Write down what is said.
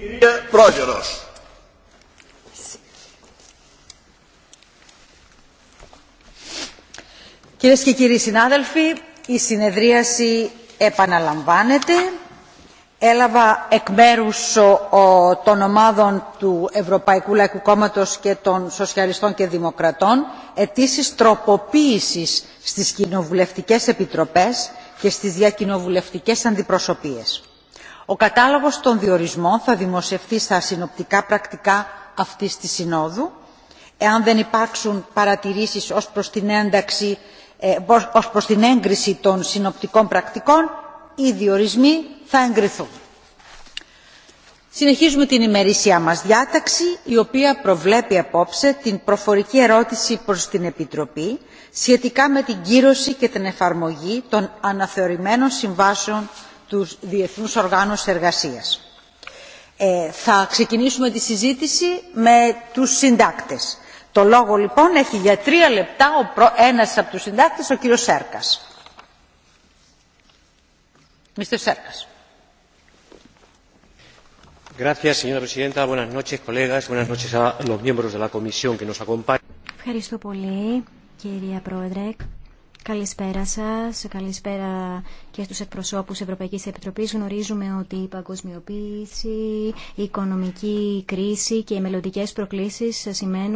κυρία Πρόεδρος. Κυρίε και κύριοι συνάδελφοι, η συνεδρίαση επαναλαμβάνεται. Έλαβα εκ μέρου των ομάδων του Ευρωπαϊκού Λαϊκού Κόμματο και των Σοσιαλιστών και Δημοκρατών αιτήσει τροποποίηση στι κοινοβουλευτικέ επιτροπές και στι διακοινοβουλευτικέ αντιπροσωπείες ο κατάλογος των διορισμών θα δημοσιευθεί στα συνοπτικά πρακτικά αυτής της Συνόδου. Εάν δεν υπάρξουν παρατηρήσεις ως προς την, ένταξη, ε, ως προς την έγκριση των συνοπτικών πρακτικών, οι διορισμοί θα εγκριθούν. Συνεχίζουμε την ημερήσια μας διάταξη, η οποία προβλέπει απόψε την προφορική ερώτηση προς την Επιτροπή σχετικά με την κύρωση και την εφαρμογή των αναθεωρημένων συμβάσεων τους διεθνούς οργάνους εργασίας. Ε, θα ξεκινήσουμε τη συζήτηση με τους συντάκτες. Το λόγο λοιπόν έχει για τρία λεπτά ο προ... ένας από τους συντάκτες, ο κύριος Σέρκας. Mr. Σέρκας. Ευχαριστώ πολύ, κυρία Πρόεδρε, Καλησπέρα σας, καλησπέρα και στους εκπροσώπους Ευρωπαϊκής Επιτροπής. Γνωρίζουμε ότι η παγκοσμιοποίηση, η οικονομική κρίση και οι μελλοντικές προκλήσεις σημαίνουν